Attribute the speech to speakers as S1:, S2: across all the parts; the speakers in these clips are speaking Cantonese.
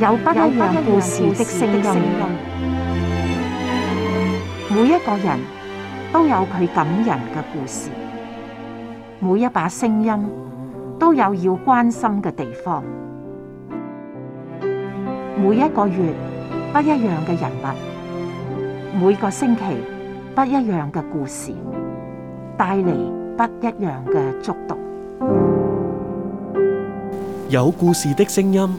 S1: 有不一樣故事的聲音，每一個人都有佢感人嘅故事，每一把聲音都有要關心嘅地方，每一個月，不一樣嘅人物，每個星期，不一樣嘅故事，帶嚟不一樣嘅觸動。
S2: 有故事的聲音。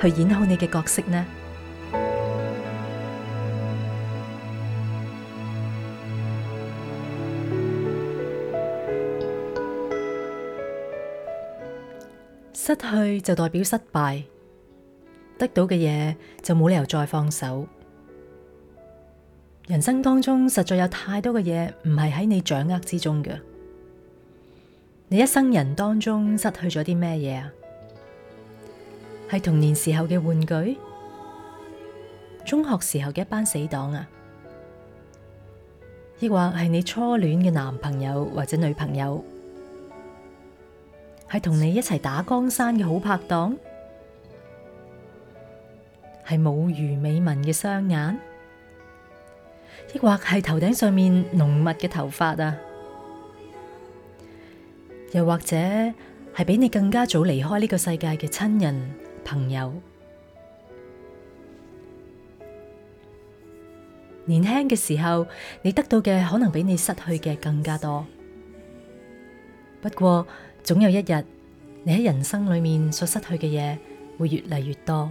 S1: 去演好你嘅角色呢？失去就代表失敗，得到嘅嘢，就冇理由再放手。人生當中，實在有太多嘅嘢唔係喺你掌握之中嘅。你一生人當中失去咗啲咩嘢啊？係童年時候嘅玩具，中學時候嘅一班死黨啊，抑或係你初戀嘅男朋友或者女朋友，係同你一齊打江山嘅好拍檔，係冇魚尾紋嘅雙眼，抑或係頭頂上面濃密嘅頭髮啊，又或者係比你更加早離開呢個世界嘅親人。朋友，年輕嘅時候，你得到嘅可能比你失去嘅更加多。不過，總有一日，你喺人生裏面所失去嘅嘢會越嚟越多。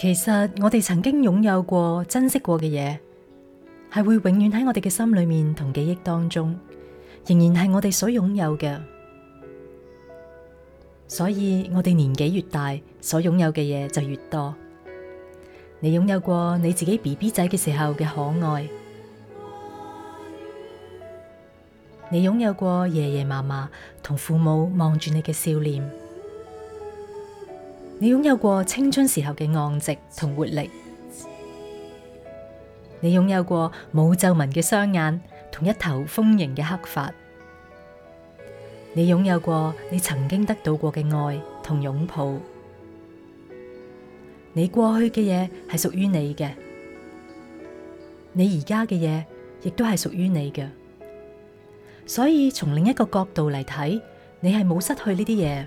S1: 其實我哋曾經擁有過、珍惜過嘅嘢，係會永遠喺我哋嘅心裏面同記憶當中，仍然係我哋所擁有嘅。所以我哋年紀越大，所擁有嘅嘢就越多。你擁有過你自己 BB 仔嘅時候嘅可愛，你擁有過爺爺嫲嫲同父母望住你嘅笑臉。你擁有過青春時候嘅昂直同活力，你擁有過冇皺紋嘅雙眼同一頭豐盈嘅黑髮，你擁有過你曾經得到過嘅愛同擁抱，你過去嘅嘢係屬於你嘅，你而家嘅嘢亦都係屬於你嘅，所以從另一個角度嚟睇，你係冇失去呢啲嘢，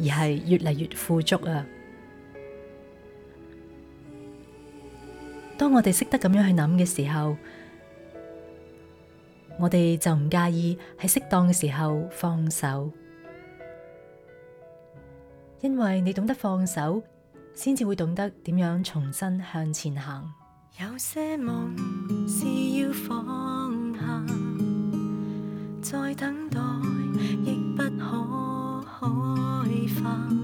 S1: 而係越嚟越富足啊！當我哋識得咁樣去諗嘅時候，我哋就唔介意喺適當嘅時候放手，因為你懂得放手，先至會懂得點樣重新向前行。
S3: 有些夢是要放下，再等待亦不可開花。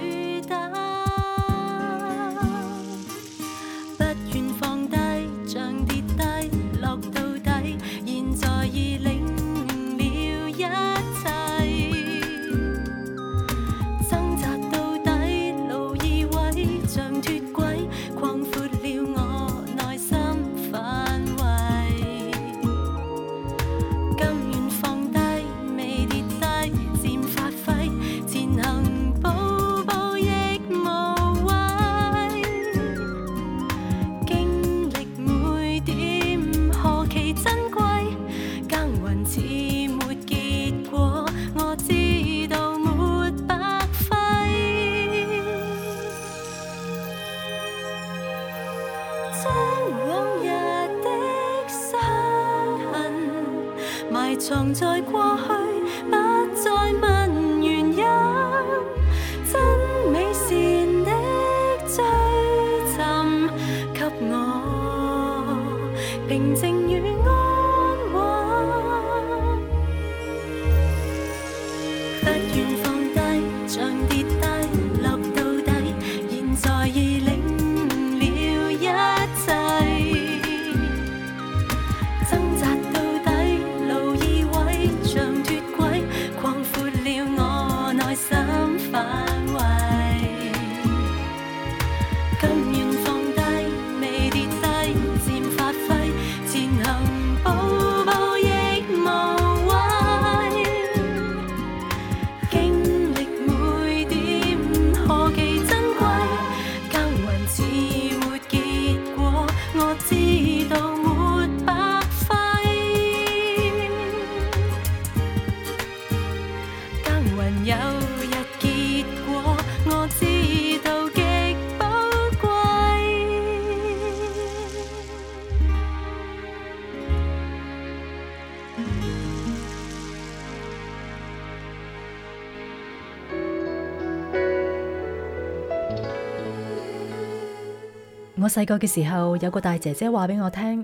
S1: 細個嘅時候，有個大姐姐話俾我聽，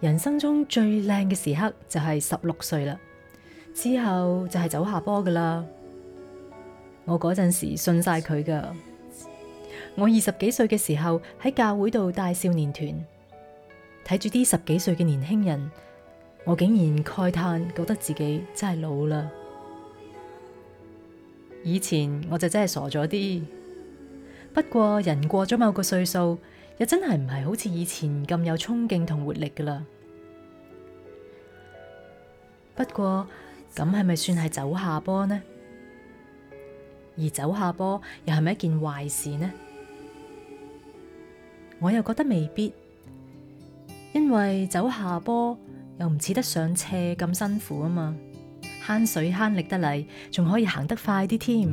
S1: 人生中最靚嘅時刻就係十六歲啦，之後就係走下坡噶啦。我嗰陣時信晒佢噶。我二十幾歲嘅時候喺教會度帶少年團，睇住啲十幾歲嘅年輕人，我竟然慨嘆，覺得自己真係老啦。以前我就真係傻咗啲，不過人過咗某個歲數。又真係唔係好似以前咁有衝勁同活力噶啦。不過咁係咪算係走下坡呢？而走下坡又係咪一件壞事呢？我又覺得未必，因為走下坡又唔似得上斜咁辛苦啊嘛，慳水慳力得嚟，仲可以行得快啲添。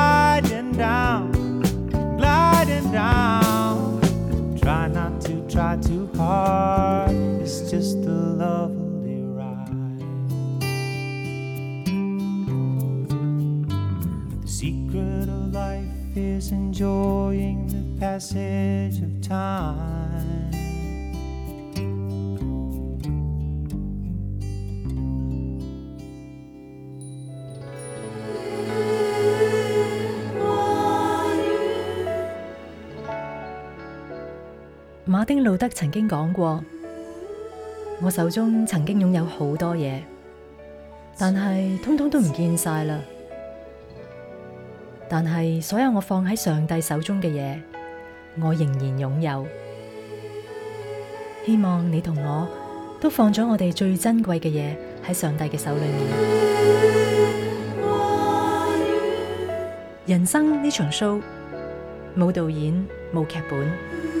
S1: 馬丁路德曾經講過：我手中曾經擁有好多嘢，但係通通都唔見晒啦。但係所有我放喺上帝手中嘅嘢，我仍然擁有。希望你同我都放咗我哋最珍貴嘅嘢喺上帝嘅手裏面。人生呢場 show，冇導演，冇劇本。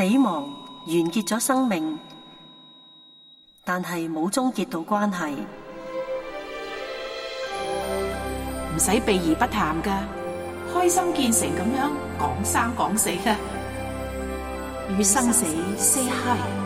S1: 死亡完結咗生命，但係冇終結到關係，唔使避而不談㗎，開心建成咁樣，講生講死嘅，與生死 say hi。